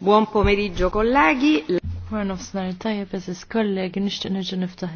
Buon pomeriggio, colleghi. Buon pomeriggio colleghi, eżis kollegi, niftaħ